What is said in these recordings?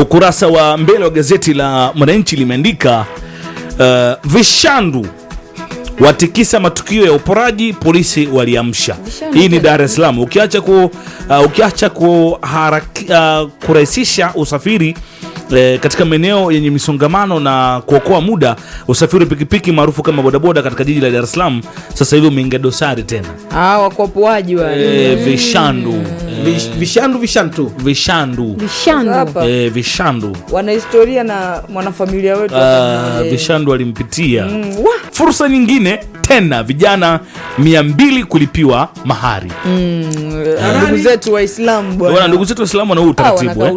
Ukurasa wa mbele wa gazeti la Mwananchi limeandika uh, vishandu watikisa matukio ya uporaji, polisi waliamsha. Hii ni Dar es Salaam. Ukiacha ku, uh, ukiacha ku uh, kurahisisha usafiri E, katika maeneo yenye misongamano na kuokoa muda, usafiri wa pikipiki maarufu kama bodaboda katika jiji la Dar es Salaam sasa hivi umeingia dosari tena. Ah, wakopoaji wale. E, vishandu Vish, vishandu vishantu vishandu vishandu eh, vishandu wana historia na mwanafamilia wetu uh, vishandu walimpitia mm, Fursa nyingine tena vijana mia mbili kulipiwa mahari. Mm, ndugu zetu Waislamu bwana, ndugu zetu Waislamu wana utaratibu eh.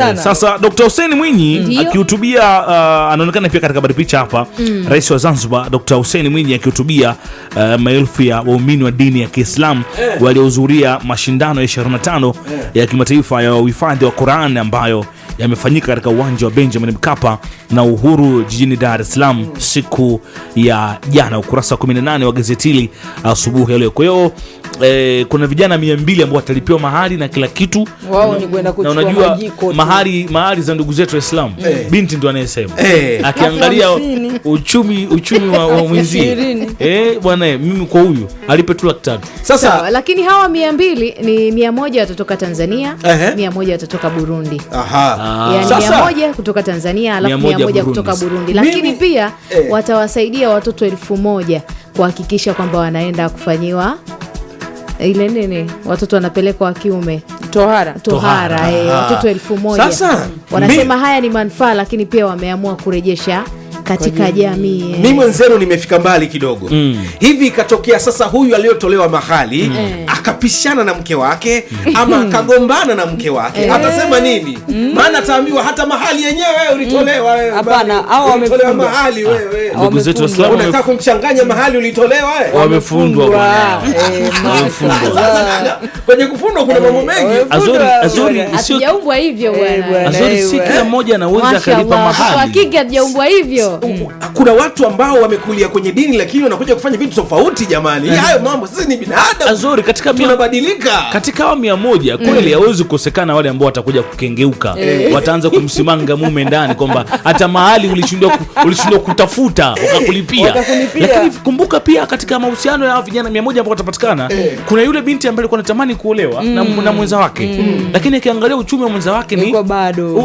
eh, Sasa Dr. Hussein Mwinyi akihutubia, uh, anaonekana pia katika baripicha picha hapa mm. Rais wa Zanzibar Dr. husein Mwinyi akihutubia uh, maelfu ya waumini wa dini ya Kiislamu eh, waliohudhuria mashindano ya 25 eh, ya kimataifa ya uhifadhi wa Qur'an ambayo yamefanyika katika uwanja wa Benjamin Mkapa na Uhuru jijini Dar es Salaam siku ya jana, ukurasa wa 18 wa gazeti hili uh, asubuhi ya leo. Kwa hiyo eh, kuna vijana mia mbili ambao watalipiwa mahari na kila kitu wow, na unajua mahari, mahari za ndugu zetu Waislamu hey. Eh. Binti ndo anayesema hey. Eh. Akiangalia uchumi, uchumi wa, wa mwenzie eh, bwana mimi kwa huyu alipe tu laki tatu sasa Sawa, lakini hawa mia mbili ni mia moja watatoka Tanzania mia moja watatoka Burundi ah. yani mia moja kutoka Tanzania alafu mia moja kutoka Burundi lakini mimi, pia eh, watawasaidia watoto elfu moja kuhakikisha kwamba wanaenda kufanyiwa Eh, ile nini, watoto wanapelekwa wa kiume tohara, tohara, eh, watoto elfu moja sasa wanasema mi... haya ni manufaa, lakini pia wameamua kurejesha katika jamii. Mimi mwenzenu nimefika mbali kidogo mm. hivi ikatokea sasa huyu aliyotolewa mahali mm. Eh. akapishana na mke wake mm. ama mm. akagombana na mke wake eh. atasema nini? Mm. Maana ataambiwa hata mahali yenyewe ulitolewa wewe. Hapana, hao wametolewa mahali ah. wewe. Ndugu zetu Waislamu unataka kumchanganya mahali ulitolewa wewe. Wamefundwa bwana. Eh, ah, Wamefundwa. Kwenye kufundwa kuna mambo mengi. Azuri azuri sio hajaumbwa hivyo bwana. Azuri si kila mmoja anaweza akalipa mahali. hakika hajaumbwa hivyo. Mm. kuna watu ambao wamekulia kwenye dini lakini wanakuja kufanya vitu tofauti. Jamani, mm. hayo mambo, sisi ni binadamu nzuri, katika tunabadilika. Katika awamu ya moja mm. kweli hawezi kukosekana wale ambao watakuja kukengeuka, mm. wataanza kumsimanga mume ndani kwamba hata mahali ulishindwa ulishindwa kutafuta wakakulipia. Lakini kumbuka pia katika mahusiano ya vijana mia moja ambao watapatikana, mm. kuna yule binti ambaye alikuwa anatamani kuolewa mm. na mwenza wake, mm. lakini akiangalia uchumi wa mwenza wake ni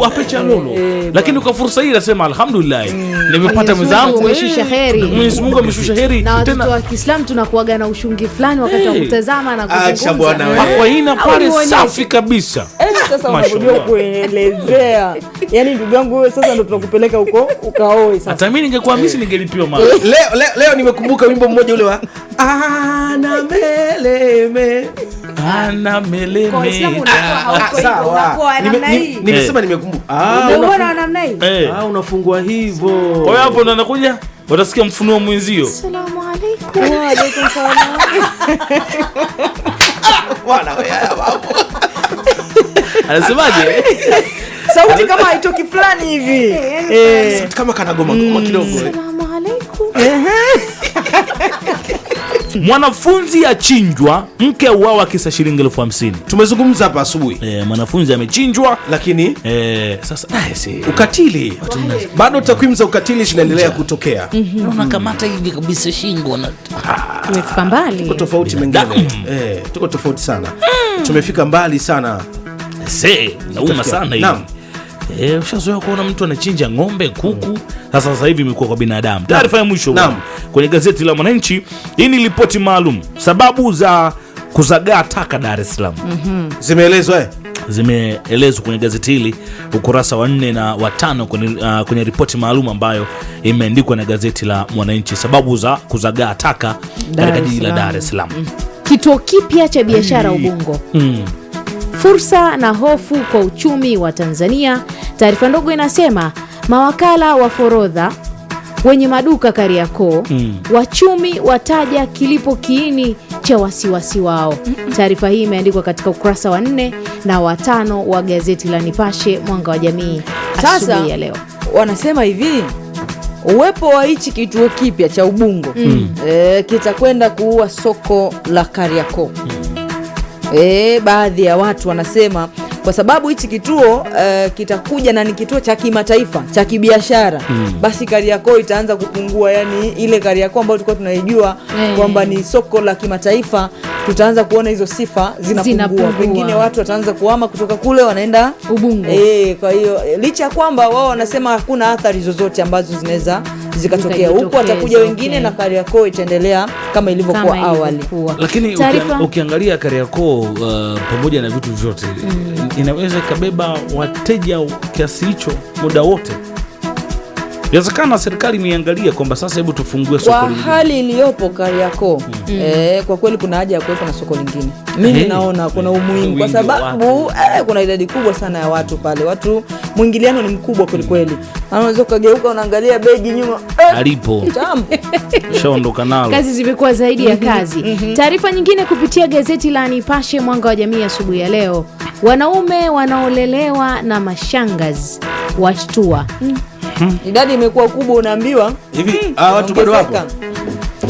apecha lolo, eh, lakini kwa fursa hii nasema alhamdulillah nimepata mwenzangu. Eh, Mwenyezi Mungu ameshusha heri. Na watoto wa Kiislamu tunakuaga na ushungi fulani wakati wa eh. kutazama na kuzungumza, kwa hina pale safi kabisa. Yaani sasa unajua kuelezea, yani ndugu yangu wewe, sasa ndo tunakupeleka huko ukaoe. Sasa hata mimi ningekuwa mimi ningelipiwa eh. mara leo. Leo nimekumbuka wimbo mmoja ule wa ana meleme Pana melemeta. Nikisema nimekumbuka unafungua hivyo. Kwa hiyo hapo ndo anakuja, mfunuo mwenzio. Anasemaje? Sauti kama haitoki fulani hivi. Eh, eh, eh. Kama kanagoma mm. kidogo. Mwanafunzi achinjwa, mke auawa, kisa shilingi elfu hamsini. Tumezungumza hapa asubuhi e, mwanafunzi amechinjwa, lakini e, sasa eh, si ukatili bado. Takwimu za ukatili zinaendelea kutokea, mhm. unakamata hivi kabisa shingo na ah. tumefika mbali, tuko tofauti mengine eh, tuko tofauti sana, hmm. tumefika mbali sana, se nauma sana hivi E, ushazoea kuona mtu anachinja ng'ombe, kuku. Sasa sasa hivi imekuwa kwa binadamu. Taarifa ya mwisho kwenye gazeti la Mwananchi, hii ni ripoti maalum, sababu za kuzagaa taka Dar es Salaam mhm. zimeelezwa mm -hmm zimeelezwa kwenye gazeti hili ukurasa wa nne na watano kwenye, uh, kwenye ripoti maalum ambayo imeandikwa na gazeti la Mwananchi, sababu za kuzagaa taka katika jiji la Dar es Salaam. Kituo kipya cha biashara Ubungo. mm. Fursa na hofu kwa uchumi wa Tanzania. Taarifa ndogo inasema mawakala wa forodha wenye maduka Kariakoo, mm. wachumi wataja kilipo kiini cha wasiwasi wao. mm -mm. Taarifa hii imeandikwa katika ukurasa wa nne na watano wa gazeti la Nipashe Mwanga wa Jamii sasa ya leo. Wanasema hivi uwepo wa hichi kituo kipya cha Ubungo mm. e, kitakwenda kuua soko la Kariakoo mm e, baadhi ya watu wanasema kwa sababu hichi kituo uh, kitakuja na ni kituo cha kimataifa cha kibiashara mm. Basi Kariakoo itaanza kupungua, yani ile Kariakoo ambayo tulikuwa tunaijua hey. Eh. kwamba ni soko la kimataifa, tutaanza kuona hizo sifa zinapungua, pengine watu wataanza kuhama kutoka kule wanaenda Ubungo. E, kwa hiyo licha ya kwamba wao wanasema hakuna athari zozote ambazo zinaweza zikatokea huku, watakuja wengine okay. Na Kariakoo itaendelea kama ilivyokuwa awali, lakini ukiangalia Kariakoo uh, pamoja na vitu vyote mm. inaweza ikabeba wateja kiasi hicho muda wote. Inawezekana serikali imeangalia kwamba sasa, hebu tufungue soko lingine kwa hali iliyopo Kariakoo. Mm. Eh, kwa kweli kuna haja ya kuweka na soko lingine. Mimi hey, naona kuna umuhimu kwa sababu eh, kuna idadi kubwa sana ya watu pale, watu mwingiliano ni mkubwa kweli kweli. Anaweza ukageuka unaangalia begi nyuma eh, alipo shaondoka nalo. Kazi zimekuwa zaidi ya mhm. kazi. Mhm. Taarifa nyingine kupitia gazeti la Nipashe Mwanga wa Jamii asubuhi ya leo, wanaume wanaolelewa na mashangazi washtua. Mm mm. Idadi imekuwa kubwa, unaambiwa hivi ah, watu bado wapo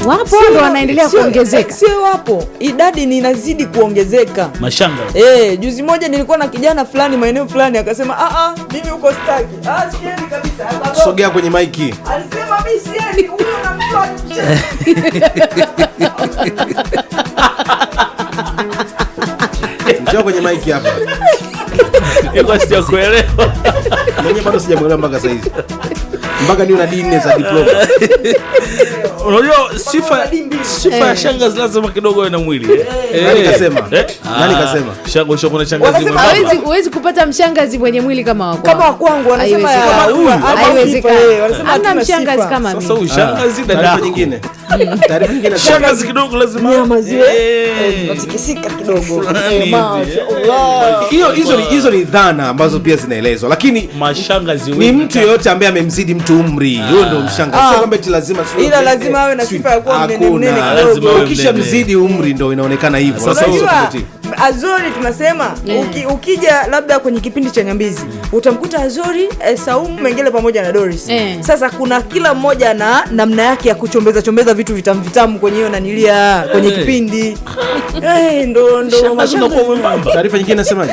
wapo ndo wanaendelea kuongezeka, sio wapo, idadi ninazidi kuongezeka. Mashanga eh, juzi moja nilikuwa na kijana fulani maeneo fulani akasema, a ah, a, ah, mimi huko staki, ah, siendi kabisa. Sogea kwenye maiki, alisema mimi kuona mtu akicheza njoo kwenye maiki hapa ilikuwa sijakuelewa mwenyewe, bado sijamuelewa mpaka saizi mpaka niwe na D za diploma. Unajua sifa sifa ya eh. shangazi lazima kidogo na mwili. Eh. Eh. Nani kasema? Nani ah. kasema? Shango shango na shangazi mwenye. Hawezi huwezi kupata mshangazi mwenye mwili kama wako. Kama wako wangu wanasema kama haiwezekani. Wanasema hatuna mshangazi kama mimi. Sasa ushangazi na ah. taarifa nyingine. Taarifa nyingine shangazi kidogo lazima nyama ziwe natikisika kidogo. Hiyo hizo ni hizo ni dhana ambazo pia zinaelezwa lakini mashangazi wengi ni mtu yeyote ambaye amemzidi mtu tu umri. Hiyo ndo ah. mshanga, ah. kwamba eti lazima, ila lazima awe na sifa ya kuwa mnene mnene kisha mzidi umri ndo inaonekana hivyo. Sasa Azori tunasema uki, ukija labda kwenye kipindi cha Nyambizi utamkuta Azori e, Saumu Mengele pamoja na Doris. Sasa kuna kila mmoja na namna yake ya kuchombeza chombeza vitu vitamu vitamu kwenye hiyo nanilia kwenye kipindi eh, ndo ndo taarifa nyingine nasemaje?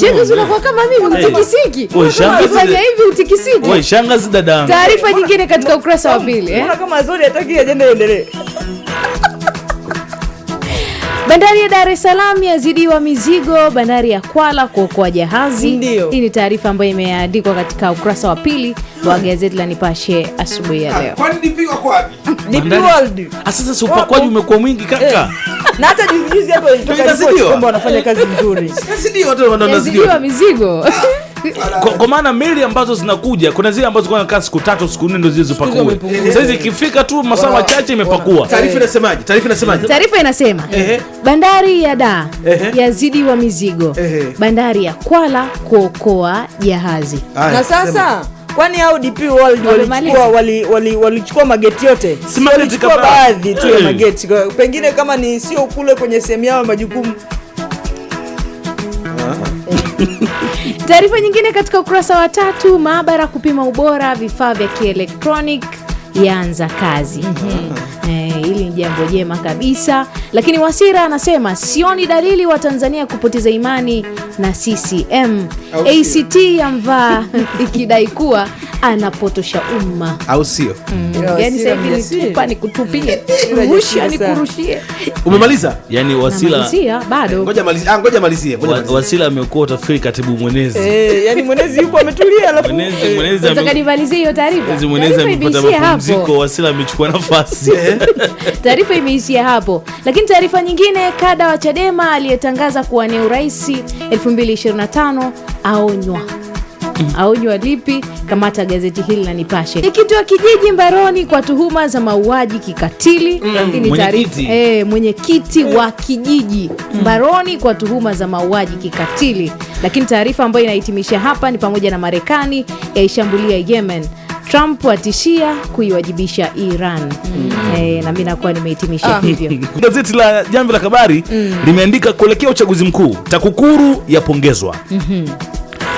Shangazi unakuwa kama mimi utikisiki. Ukifanya hivi utikisiki. Wewe shangazi dadangu. Taarifa nyingine katika ukurasa wa pili eh. Kama Azori hataki ajenda iendelee. Bandari ya Dar es Salaam yazidiwa mizigo bandari ya Kwala kuokoa jahazi. Hii ni taarifa ambayo imeandikwa katika ukurasa wa pili wa gazeti la Nipashe asubuhi ya leo. Kwani nipigwa kwa wapi? Nipigwa. Ah, sasa si upakwaji umekuwa mwingi kaka. Eh. Na hata juzi hapo ilitoka kwamba wanafanya kazi nzuri. Sasa eh, ndio watu wanazidiwa mizigo. Ah kwa maana meli ambazo zinakuja, kuna zile ambazo zinakaa siku tatu siku nne ndio zile zipakue. Sasa hizi ikifika tu masaa machache imepakua. Taarifa inasemaje? Taarifa inasemaje? Taarifa inasema bandari ya yazidi wa mizigo, bandari ya Kwala kuokoa jahazi. Na sasa kwani au DP World walichukua wali, wali, wali mageti yote, walichukua baadhi tu ya mageti, pengine kama ni sio kule kwenye sehemu yao majukumu Taarifa nyingine katika ukurasa wa tatu, maabara kupima ubora vifaa vya kielektronic yaanza kazi. mm -hmm. eh, ni jambo jema kabisa, lakini Wasira anasema sioni dalili wa Tanzania kupoteza imani na CCM. Okay. ACT yamvaa ikidai kuwa anapotosha umma, au sio? Mm, yani sasa hivi nitupa nikutupie, rusha nikurushie. Umemaliza? Yani Wasila Wasira bado, ngoja malizie, Ah, ngoja malizie. Wasila amekuwa tafsiri katibu mwenezi, eh, yani mwenezi yupo ametulia, alafu mwenezi eh. mwenezi, nataka nimalizie hiyo taarifa. Mwenezi amepata mapumziko, Wasila amechukua nafasi eh? taarifa imeishia hapo, lakini taarifa nyingine, kada wa Chadema aliyetangaza kuwania urais 2025 aonywa Mm. Aonywa lipi? Kamata gazeti hili la Nipashe. Mwenyekiti wa kijiji Mbaroni kwa tuhuma za mauaji kikatili. Mm. Mwenyekiti e, mwenyekiti eh. wa kijiji mm. Mbaroni kwa tuhuma za mauaji kikatili, lakini taarifa ambayo inahitimisha hapa ni pamoja na Marekani yaishambulia Yemen Trump atishia kuiwajibisha Iran. Mm. E, na mimi nakuwa nimehitimisha ah, hivyo. Gazeti la Jamvi la Habari mm. limeandika kuelekea uchaguzi mkuu, TAKUKURU yapongezwa mm -hmm.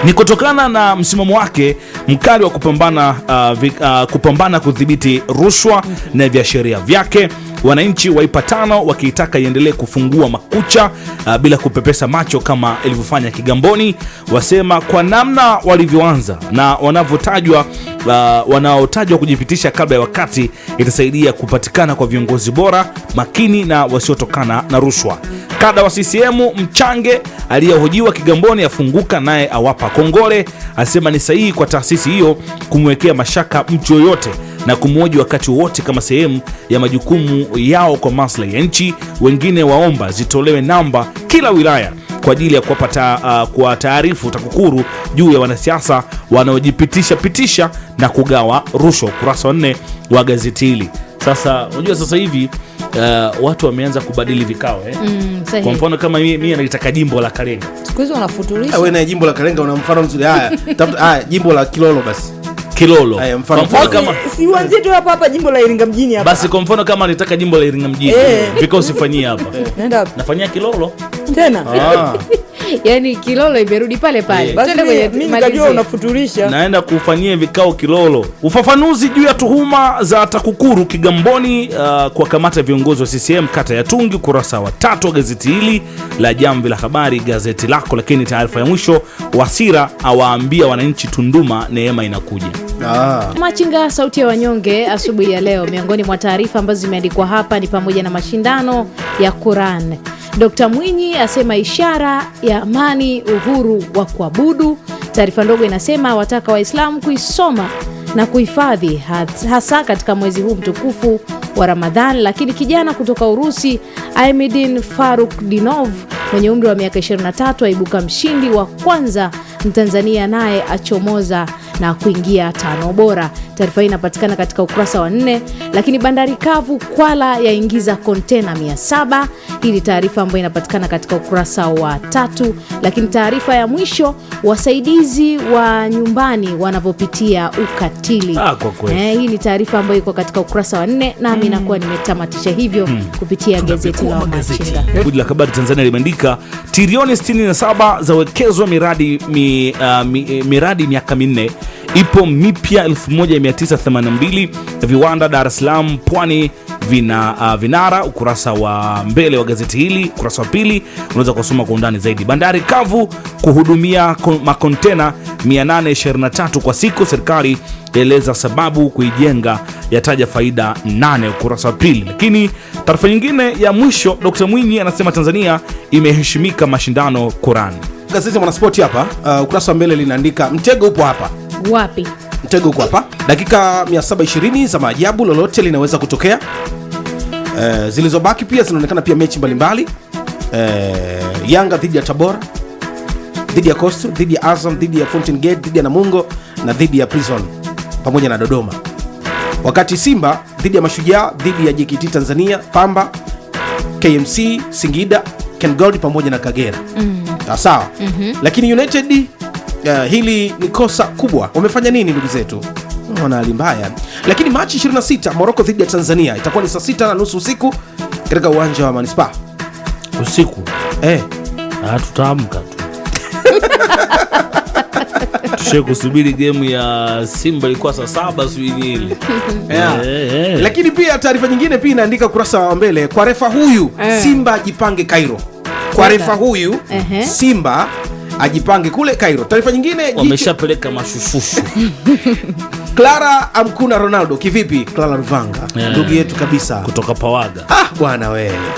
Ni kutokana na msimamo wake mkali wa kupambana, uh, uh, kupambana kudhibiti rushwa mm -hmm. na viashiria vyake wananchi waipatano wakiitaka iendelee kufungua makucha uh, bila kupepesa macho kama ilivyofanya Kigamboni. Wasema kwa namna walivyoanza na wanavyotajwa uh, wanaotajwa kujipitisha kabla ya wakati itasaidia kupatikana kwa viongozi bora makini na wasiotokana na rushwa. Kada wa CCM Mchange aliyehojiwa Kigamboni afunguka naye awapa kongole, asema ni sahihi kwa taasisi hiyo kumwekea mashaka mtu yoyote na kumwoji wakati wowote kama sehemu ya majukumu yao kwa maslahi ya nchi. Wengine waomba zitolewe namba kila wilaya kwa ajili ya kuwapata uh, kwa taarifu TAKUKURU juu ya wanasiasa wanaojipitisha pitisha na kugawa rushwa. Ukurasa wa nne wa gazeti hili. Sasa unajua sasa hivi uh, watu wameanza kubadili vikao eh? Mm, kwa mfano kama mi anaitaka jimbo la karenga siku hizi wanafuturisha wewe na jimbo la karenga una mfano mzuri. Haya, haya jimbo la Kilolo basi Kilolo. Basi kwa mfano kama anataka jimbo la Iringa mjini eh. vikao sifanyie hapa. Nafanyia Kilolo tena. Ah. yani Kilolo imerudi pale pale. Mimi unafuturisha. Naenda kufanyia vikao Kilolo ufafanuzi juu ya tuhuma za TAKUKURU Kigamboni, uh, kwa kamata viongozi wa CCM kata ya Tungi, kurasa wa tatu wa gazeti hili la Jamvi la Habari, gazeti lako. Lakini taarifa ya mwisho, Wasira awaambia wananchi Tunduma neema inakuja. Ah. Machinga sauti ya wanyonge asubuhi ya leo, miongoni mwa taarifa ambazo zimeandikwa hapa ni pamoja na mashindano ya Quran Dkt Mwinyi asema ishara ya amani, uhuru wa kuabudu. Taarifa ndogo inasema wataka Waislamu kuisoma na kuhifadhi hasa katika mwezi huu mtukufu wa Ramadhan. Lakini kijana kutoka Urusi Aimedin Faruk Dinov mwenye umri wa miaka 23 aibuka mshindi wa kwanza Mtanzania, naye achomoza na kuingia tano bora. Taarifa hii inapatikana katika ukurasa wa nne. Lakini bandari kavu Kwala yaingiza kontena saba. Hii ni taarifa ambayo inapatikana katika ukurasa wa tatu. Lakini taarifa ya mwisho, wasaidizi wa nyumbani wanavyopitia ukatili. Ah, eh, hii ni taarifa ambayo iko katika ukurasa wa nne nami mm. nakuwa nimetamatisha hivyo hmm, kupitia gazeti la Wamachinga. Gazeti la Habari Tanzania limeandika trilioni 67 zawekezwa miradi mi, uh, mi, eh, miradi miaka minne ipo mipya 1982 viwanda Dar es Salaam Pwani vina uh, vinara. Ukurasa wa mbele wa gazeti hili, ukurasa wa pili, unaweza kusoma kwa undani zaidi. Bandari kavu kuhudumia makontena 823 kwa siku, serikali eleza sababu kuijenga, yataja faida 8, ukurasa wa pili. Lakini taarifa nyingine ya mwisho, Dr. Mwinyi anasema Tanzania imeheshimika mashindano Qur'an. Gazeti Mwanaspoti hapa, uh, ukurasa wa mbele linaandika mtego upo hapa wapi? Mtego uko hapa. Dakika 720 za maajabu, lolote linaweza kutokea. E, zilizobaki pia zinaonekana pia mechi mbalimbali e, Yanga dhidi ya Tabora, dhidi ya Coastal, dhidi ya Azam, dhidi ya Fountain Gate, dhidi ya Namungo na dhidi ya Prison pamoja na Dodoma, wakati Simba dhidi ya Mashujaa, dhidi ya JKT Tanzania, Pamba, KMC Singida, KenGold pamoja na Kagera. mm. Ah, sawa. mm -hmm. Lakini United Uh, hili ni kosa kubwa. Wamefanya nini ndugu zetu? Wana hali mbaya. Lakini Machi 26 Morocco dhidi ya Tanzania itakuwa ni saa sita na nusu usiku katika uwanja wa manispa usiku. Eh, ah, tutaamka tu tushe kusubiri gemu ya Simba ilikuwa saa saba sijui nini yeah. Eh, eh, Lakini pia taarifa nyingine pia inaandika kurasa wa mbele kwa refa huyu Simba ajipange Cairo kwa refa huyu uh -huh. Simba ajipange kule Cairo. Taarifa nyingine wameshapeleka mashufufu Clara amkuna Ronaldo kivipi? Clara Ruvanga eh. ndugu yeah, yetu kabisa kutoka Pawaga. Ah bwana wee